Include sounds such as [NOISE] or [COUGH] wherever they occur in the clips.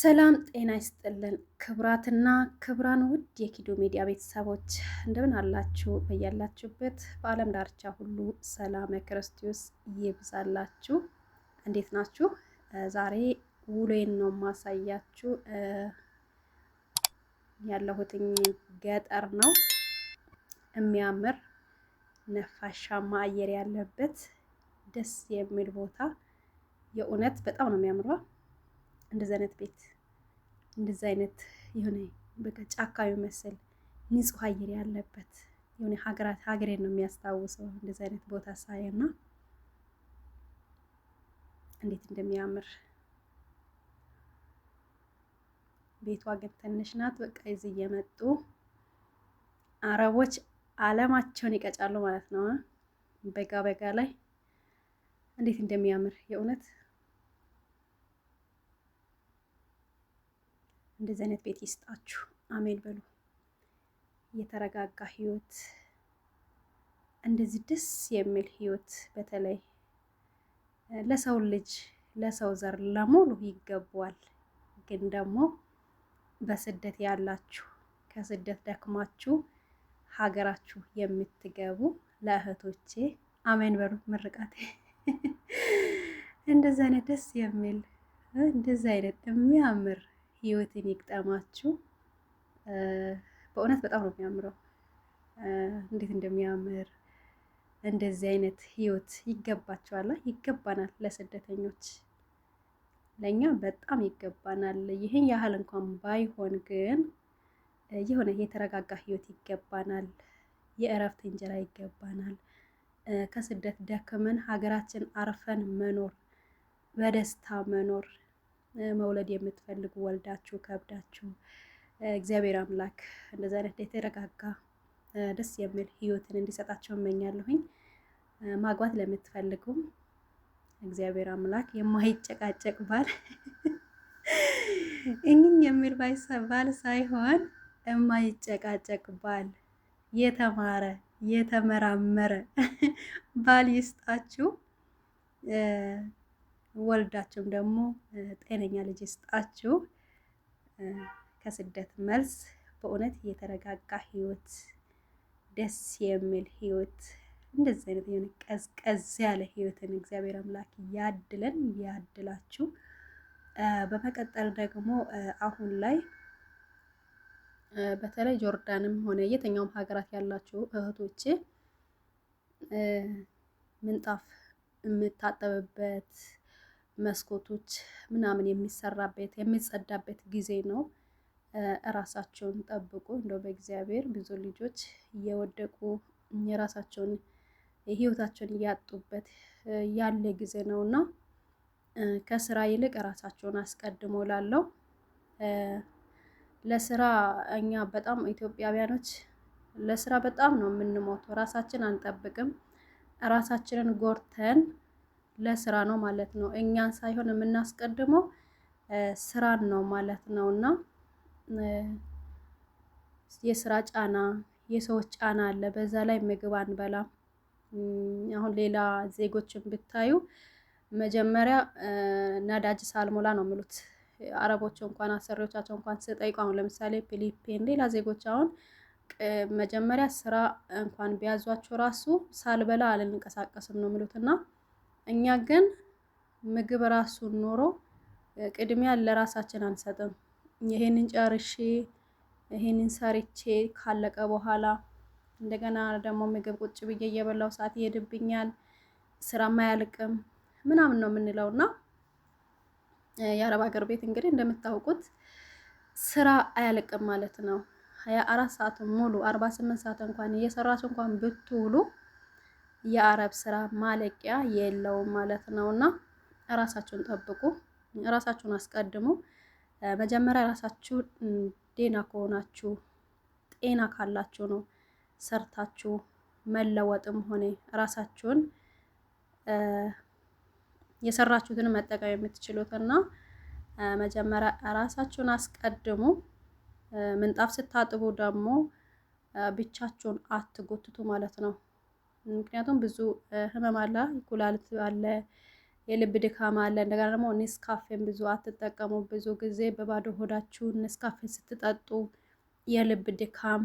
ሰላም ጤና ይስጥልን። ክብራትና ክብራን ውድ የኪዶ ሚዲያ ቤተሰቦች እንደምን አላችሁ? በያላችሁበት በዓለም ዳርቻ ሁሉ ሰላም ክርስቶስ ይብዛላችሁ። እንዴት ናችሁ? ዛሬ ውሎዬን ነው ማሳያችሁ። ያለሁትኝ ገጠር ነው። የሚያምር ነፋሻማ አየር ያለበት ደስ የሚል ቦታ የእውነት በጣም ነው የሚያምረው። እንደዚ አይነት ቤት እንደዚ አይነት የሆነ በቃ ጫካ መሰል ንጹህ አየር ያለበት የሆነ ሀገራት ሀገሬን ነው የሚያስታውሰው እንደዚ አይነት ቦታ ሳይና እንዴት እንደሚያምር ቤቷ ግን ትንሽ ናት። በቃ እዚህ እየመጡ አረቦች አለማቸውን ይቀጫሉ ማለት ነው። በጋ በጋ ላይ እንዴት እንደሚያምር የእውነት እንደዚህ አይነት ቤት ይስጣችሁ። አሜን በሉ። የተረጋጋ ህይወት፣ እንደዚህ ደስ የሚል ህይወት በተለይ ለሰው ልጅ ለሰው ዘር ለሙሉ ይገባዋል። ግን ደግሞ በስደት ያላችሁ ከስደት ደክማችሁ ሀገራችሁ የምትገቡ ለእህቶቼ አሜን በሉ። ምርቃቴ [LAUGHS] እንደዚህ አይነት ደስ የሚል እንደዚህ አይነት የሚያምር ህይወትን ይግጠማችሁ። በእውነት በጣም ነው የሚያምረው። እንዴት እንደሚያምር እንደዚህ አይነት ህይወት ይገባቸዋል፣ ይገባናል። ለስደተኞች ለእኛ በጣም ይገባናል። ይህን ያህል እንኳን ባይሆን ግን የሆነ የተረጋጋ ህይወት ይገባናል። የእረፍት እንጀራ ይገባናል። ከስደት ደክመን ሀገራችን አርፈን መኖር፣ በደስታ መኖር መውለድ የምትፈልጉ ወልዳችሁ ከብዳችሁ እግዚአብሔር አምላክ እንደዚ አይነት የተረጋጋ ደስ የሚል ህይወትን እንዲሰጣቸው እመኛለሁኝ። ማግባት ለምትፈልጉም እግዚአብሔር አምላክ የማይጨቃጨቅ ባል [LAUGHS] እኝን የሚል ባል ሳይሆን የማይጨቃጨቅ ባል የተማረ የተመራመረ [LAUGHS] ባል ይስጣችሁ። ወልዳችሁም ደግሞ ጤነኛ ልጅ ይስጣችሁ። ከስደት መልስ በእውነት የተረጋጋ ህይወት፣ ደስ የሚል ህይወት፣ እንደዚህ አይነት የሆነ ቀዝቀዝ ያለ ህይወትን እግዚአብሔር አምላክ ያድለን፣ ያድላችሁ። በመቀጠል ደግሞ አሁን ላይ በተለይ ጆርዳንም ሆነ የትኛውም ሀገራት ያላችሁ እህቶቼ ምንጣፍ የምታጠብበት መስኮቶች ምናምን የሚሰራበት የሚጸዳበት ጊዜ ነው። እራሳቸውን ጠብቁ። እንደው በእግዚአብሔር ብዙ ልጆች እየወደቁ የራሳቸውን ህይወታቸውን እያጡበት ያለ ጊዜ ነው እና ከስራ ይልቅ ራሳቸውን አስቀድሞ ላለው ለስራ እኛ በጣም ኢትዮጵያውያኖች ለስራ በጣም ነው የምንሞተው። ራሳችን አንጠብቅም። ራሳችንን ጎርተን ለስራ ነው ማለት ነው። እኛን ሳይሆን የምናስቀድመው ስራን ነው ማለት ነው። እና የስራ ጫና፣ የሰዎች ጫና አለ። በዛ ላይ ምግብ አንበላም። አሁን ሌላ ዜጎችን ብታዩ መጀመሪያ ነዳጅ ሳልሞላ ነው የሚሉት። አረቦች እንኳን አሰሪዎቻቸው እንኳን ስጠይቁ አሁን ለምሳሌ ፊሊፒን፣ ሌላ ዜጎች አሁን መጀመሪያ ስራ እንኳን ቢያዟቸው ራሱ ሳልበላ አልንቀሳቀስም ነው የሚሉት እና እኛ ግን ምግብ ራሱን ኖሮ ቅድሚያ ለራሳችን አንሰጥም። ይሄንን ጨርሼ ይሄንን ሰርቼ ካለቀ በኋላ እንደገና ደግሞ ምግብ ቁጭ ብዬ እየበላው ሰዓት ይሄድብኛል፣ ስራም አያልቅም ምናምን ነው የምንለው እና የአረብ ሀገር ቤት እንግዲህ እንደምታውቁት ስራ አያልቅም ማለት ነው። ሀያ አራት ሰዓት ሙሉ አርባ ስምንት ሰዓት እንኳን እየሰራችሁ እንኳን ብትውሉ የአረብ ስራ ማለቂያ የለውም ማለት ነው። እና ራሳችሁን ጠብቁ፣ ራሳችሁን አስቀድሙ። መጀመሪያ ራሳችሁ ዴና ከሆናችሁ ጤና ካላችሁ ነው ሰርታችሁ መለወጥም ሆነ ራሳችሁን የሰራችሁትን መጠቀም የምትችሉት እና መጀመሪያ ራሳችሁን አስቀድሙ። ምንጣፍ ስታጥቡ ደግሞ ብቻችሁን አትጎትቱ ማለት ነው። ምክንያቱም ብዙ ህመም አለ፣ ኩላሊት አለ፣ የልብ ድካም አለ። እንደገና ደግሞ ኔስካፌን ብዙ አትጠቀሙ። ብዙ ጊዜ በባዶ ሆዳችሁ ኔስካፌን ስትጠጡ የልብ ድካም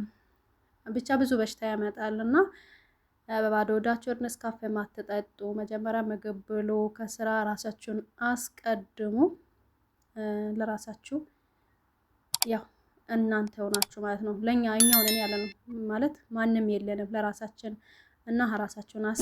ብቻ ብዙ በሽታ ያመጣል እና በባዶ ሆዳችሁ ኔስካፌ ማትጠጡ። መጀመሪያ ምግብ ብሎ ከስራ ራሳችሁን አስቀድሙ። ለራሳችሁ ያው እናንተ ሆናችሁ ማለት ነው። ለእኛ እኛውን ያለ ነው ማለት ማንም የለንም ለራሳችን እና ራሳቸውን አስ